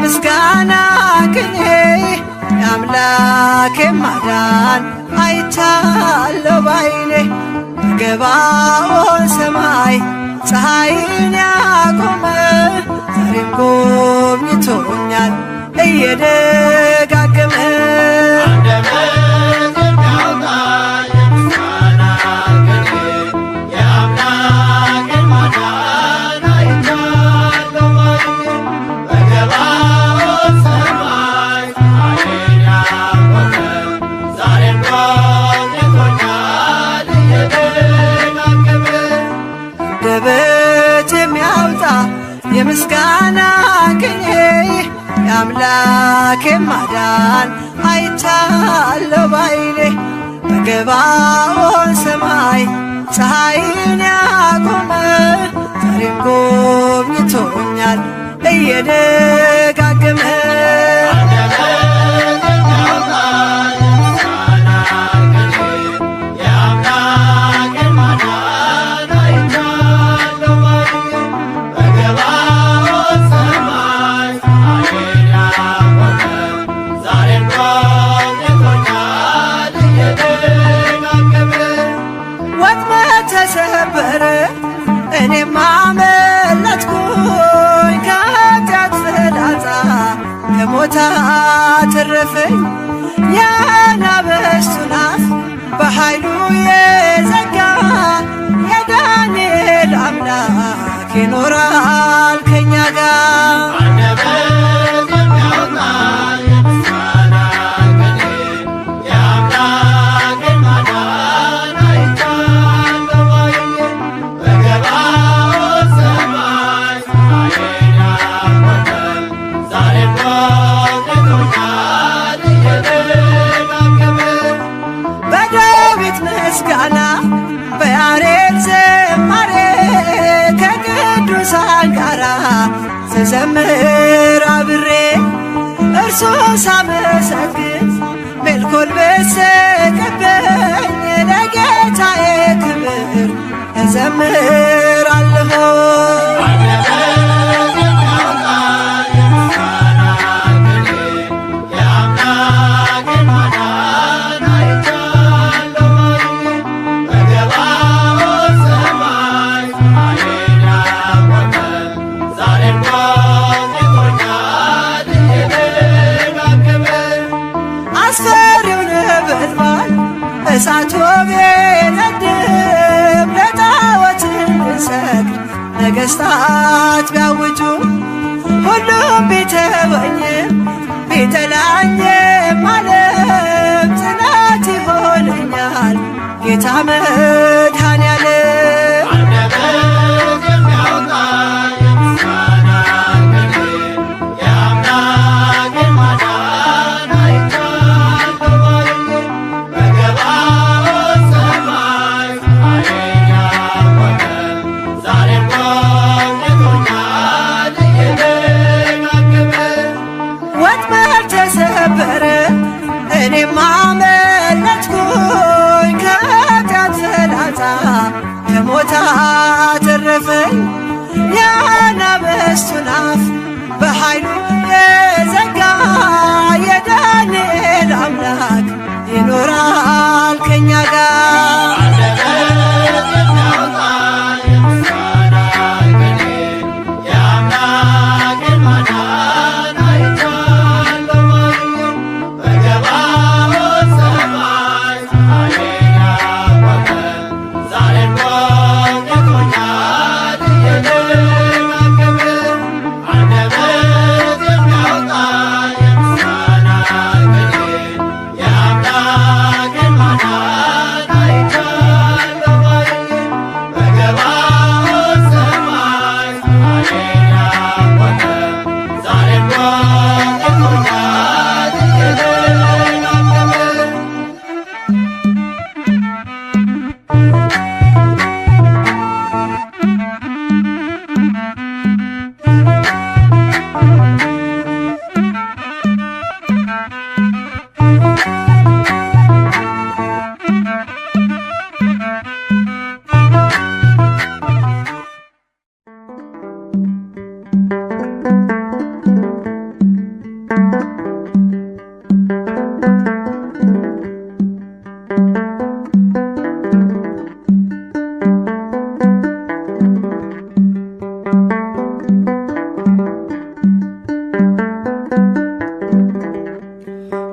ምስጋና ቅኔ የአምላኬ ማዳን አይቻለሁ ባይኔ ገባኦን ሰማይ ፀሐይን ያቆመ ዛሬም ጎብኝቶኛል እየደጋገመ አንደበት የሚያውጣ! የምስጋና ቅኔ የአምላክ ማዳን አይቻለሁ ባይኔ በገባኦን ሰማይ ፀሐይን ያቆመ ዛሬም ጎብኝቶኛል እየደግ እኔም አመለጥኩኝ ከኃጢአት ፍላጻ ከሞት አተረፈኝ የአናብስቱን አፍ በኃይሉ የዘጋ የዳንኤል አምላክ ይኖራል ከኛ ጋር ስዘምር አብሬ እርሶ ሳመሰግን መልኮል በሰቀበኝ ለጌታዬ ክብር እዘምር ቢያውጁ ሁሉም ቤተ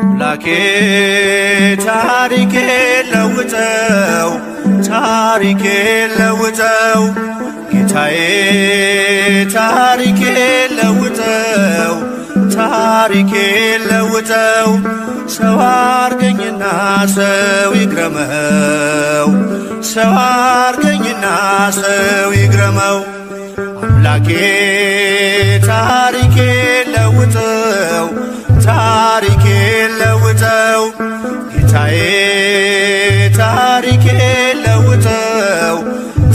አምላኬ ታሪኬ ለውጠው ታሪኬ ለውጠው ጌታዬ ታሪኬ ለውጠው ታሪኬ ለውጠው ሰው አርገኝና ሰው ይግረመው ሰው አርገኝና ሰው ይግረመው አምላኬ ታሪኬ ለውጠው ታሪኬን ለውጠው ጌታዬ ታሪኬን ለውጠው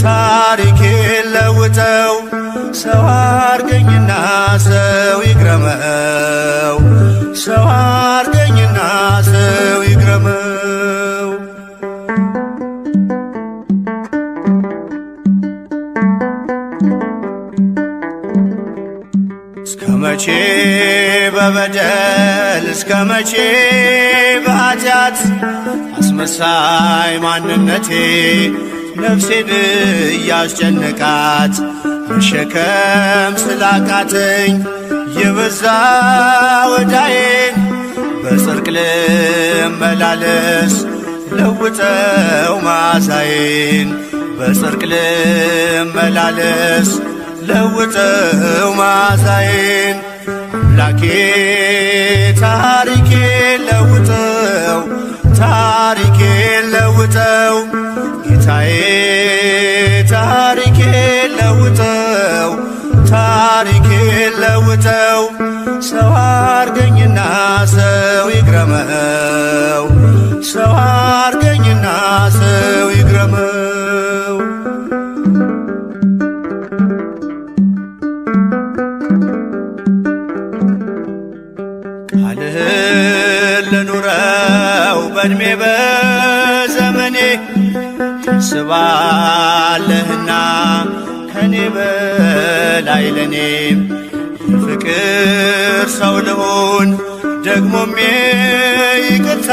ታሪኬን ለውጠው ሰው አርገኝና ሰው ይግረመ በደል እስከ መቼ በኃጢአት አስመሳይ ማንነቴ ነፍሴን እያስጨነቃት መሸከም ስላቃተኝ የበዛ ወዳዬን በጽርቅ ልመላለስ ለውጠው ማዛዬን በጽርቅ ልመላለስ ለውጠው ማዛዬን አምላኬ ታሪኬ ለውጠው ታሪኬ ለውጠው ጌታዬ ታሪኬ ለውጠው ታሪኬ ለውጠው ሰው አርገኝና ሰው ይግረመው ሰው አርገኝና ሰው ይግረመው በዕድሜ በዘመኔ ስባለህና ከኔ በላይ ለኔ የፍቅር ሰው ልሆን ደግሞም ይቅርታ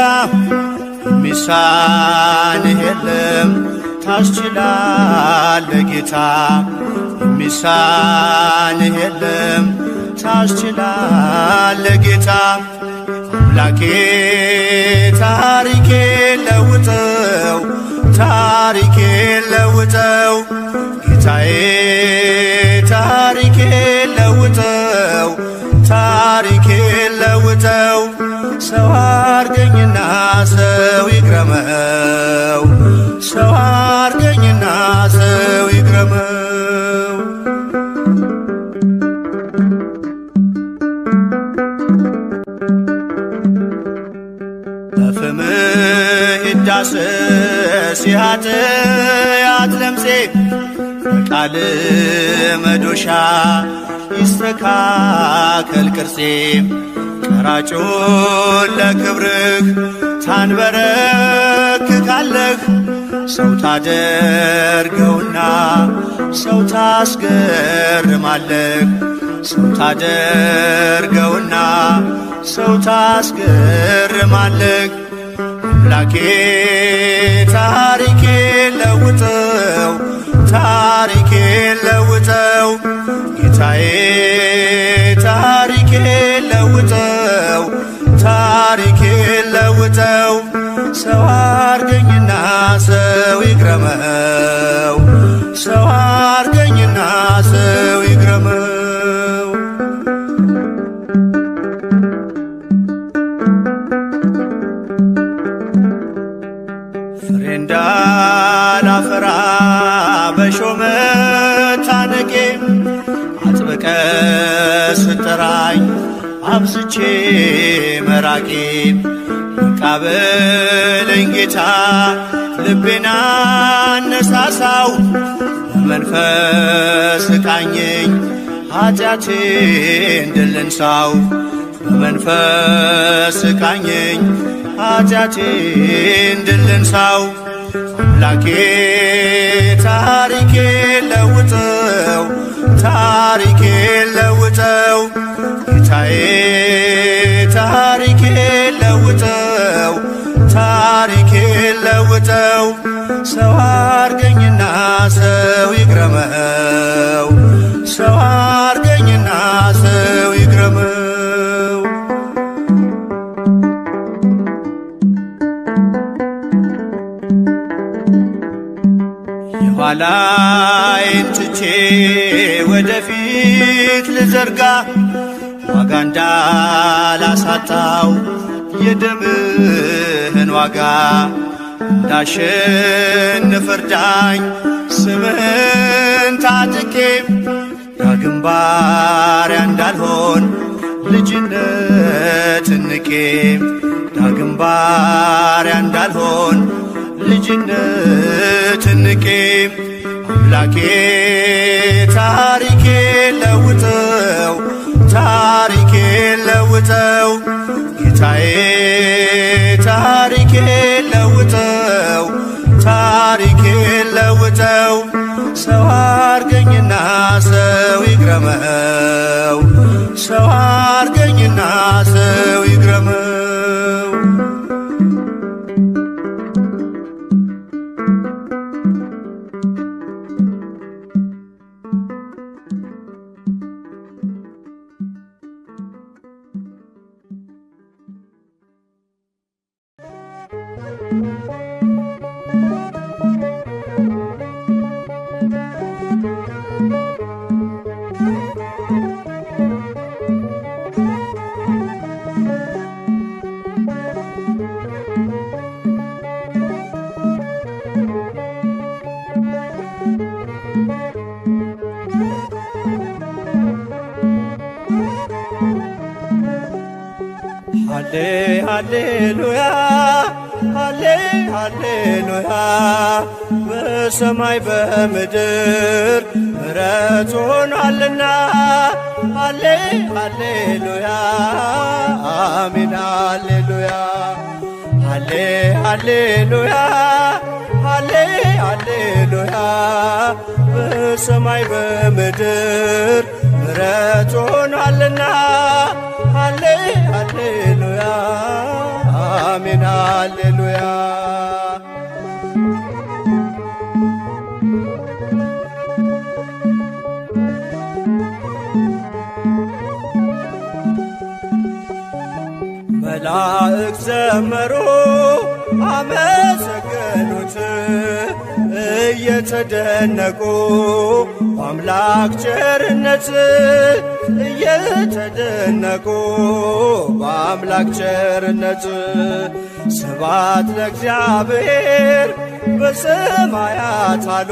የሚሳንህ የለም ታስችላለ ጌታ የሚሳንህ የለም ታስችላለ ጌታ አምላኬ ታሪኬ ለውጠው ታሪኬ ለውጠው ጌታዬ ታሪኬ ለውጠው ታሪኬ ለውጠው ሰው አርገኝና ሰው ይግረመው ሰው አርገኝና ሰው ይግረመው በፍም ይዳሰስ የኃጢአት ለምሴ በቃል መዶሻ ይስተካከል ቅርጼ ቀራጩን ለክብርህ ታንበረክካለህ ሰው ታደርገውና ሰው ታስገርማለህ ስታደርገውና ሰው ታስገርማለህ አምላኬ ታሪኬ ለውጠው ታሪኬ ለውጠው ጌታዬ ታሪኬ ለውጠው ታሪኬ ለውጠው ሰው አርገኝና ሰው አብዝቼ መራቄን ቃበለኝ ጌታ ልቤና አነሳሳው በመንፈስ ቃኘኝ ኃጢአቴን ድል እንሳው በመንፈስ ቃኘኝ ኃጢአቴን ድል እንሳው ላኬ ታሪኬ ለውጠው ታሪኬ ለውጠው ጌታዬ ታሪኬ ለውጠው ታሪኬ ለውጠው ሰው አርገኝና ሰው ይግረመው ሰው አርገኝና ሰው ይግረመው ኋላይን ትቼ ወደፊት ልዘርጋ ዋጋ እንዳላሳጣው የደምህን ዋጋ እንዳሸንፍ እርዳኝ ስምህን ታጥቄ ዳግም ባሪያ እንዳልሆን ልጅነት ንቄ ዳግም ባሪያ እንዳልሆን ልጅነት ንቄ አምላኬ ታሪኬ ለውጠው ታሪኬ ለውጠው ጌታዬ ታሪኬ ለውጠው ታሪኬ ለውጠው ሰው አርገኝና ሰው ይግረመው ሰው አርገኝና ሰው ይግረመው በሰማይ በምድር ምረት ሆኗልና አሌ አሌሉያ አሚን አሌሉያ አሌ አሌሉያ አሌ አሌሉያ በሰማይ በምድር ምረት ሆኗልና አሌ አሌሉያ አሚን አሌሉያ መላእክ ዘመሮ አመሰገኑት እየተደነቁ በአምላክ ቸርነት እየተደነቁ በአምላክ ቸርነት ስብሐት ለእግዚአብሔር በሰማያት አሉ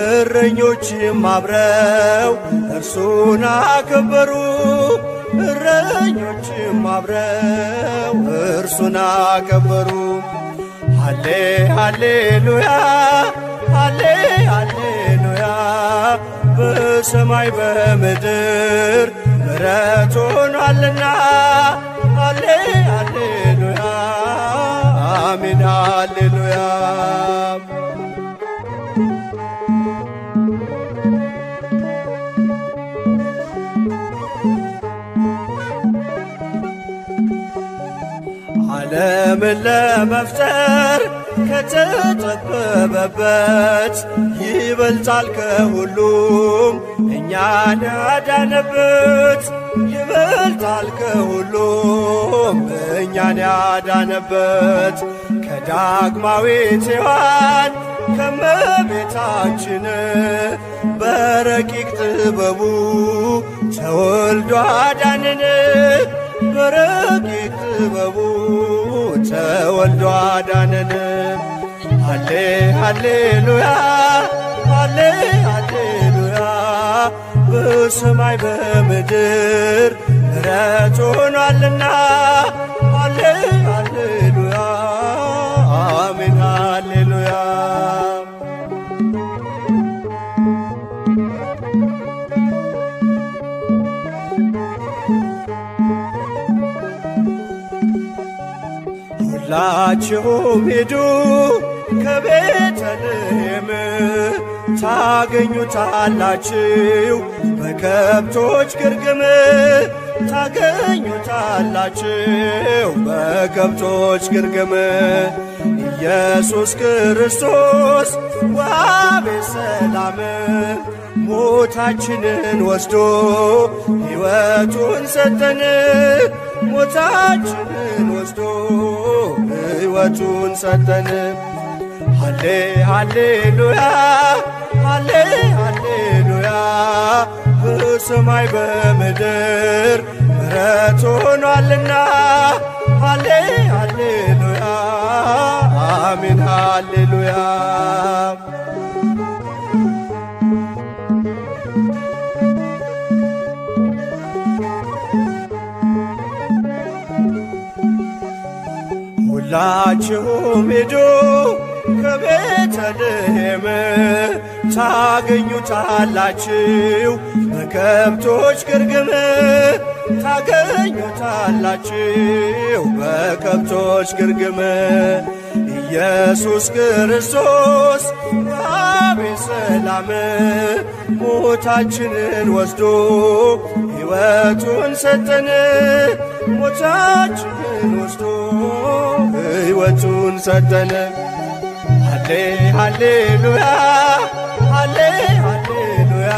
እረኞችም አብረው እርሱን አከበሩ። እረኞችም አብረው እርሱን አከበሩ። ሃሌ ሃሌሉያ ሃሌ ሃሌሉያ በሰማይ በምድር ምሕረት ሆኗልና ሃሌ ሃሌሉያ አሜን ሃሌሉያ ዓለምን ለመፍጠር ከተጠበበበት ይበልጣል ከሁሉም እኛን ያዳነበት ይበልጣል ከሁሉም እኛን ያዳነበት ከዳግማዊት ሔዋን ከመቤታችን በረቂቅ ጥበቡ ተወልዶ አዳንን በረቂቅ ጥበቡ ተወልዶ አዳነን። ሃሌ ሃሌሉያ ሃሌ ሃሌሉያ በሰማይ በምድር ምሕረት ሆኗልና ሁላችሁም ሂዱ ከቤተልሔም ታገኙታላችሁ፣ በከብቶች ግርግም ታገኙታላችሁ፣ በከብቶች ግርግም ኢየሱስ ክርስቶስ ዋቤ ሰላም ሞታችንን ወስዶ ሕይወቱን ሰጠን። ሞታችንን ወስዶ ሕይወቱን ሰጠን። ሃሌ ሃሌሉያ ሃሌ ሃሌሉያ በሰማይ በምድር ምሕረት ሆኗልና ሃሌ ሃሌሉያ አሜን ሃሌሉያ ሁላችሁም ሂዱ ከቤተልሔም ታገኙታላችሁ፣ በከብቶች ግርግም ታገኙታላችሁ፣ በከብቶች ግርግም ኢየሱስ ክርስቶስ ራቤ ሰላም ሞታችንን ወስዶ ሕይወቱን ሰጠን ሞታችንን ወስዶ ሕይወቱን ሰጠን። ሃሌ ሃሌሉያ ሃሌ ሃሌሉያ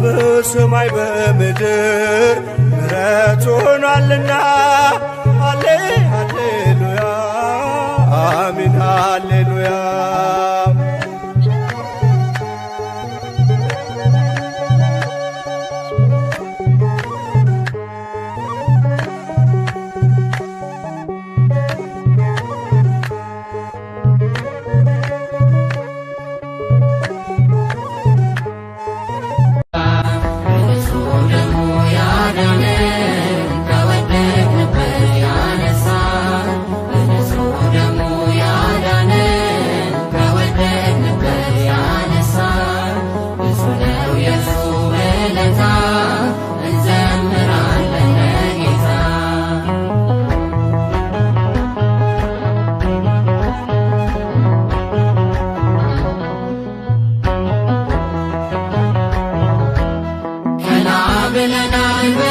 በሰማይ በምድር ምሕረት ሆኗልና ሃሌ ሃሌሉያ አሚን ሃሌሉያ Babylon, I will.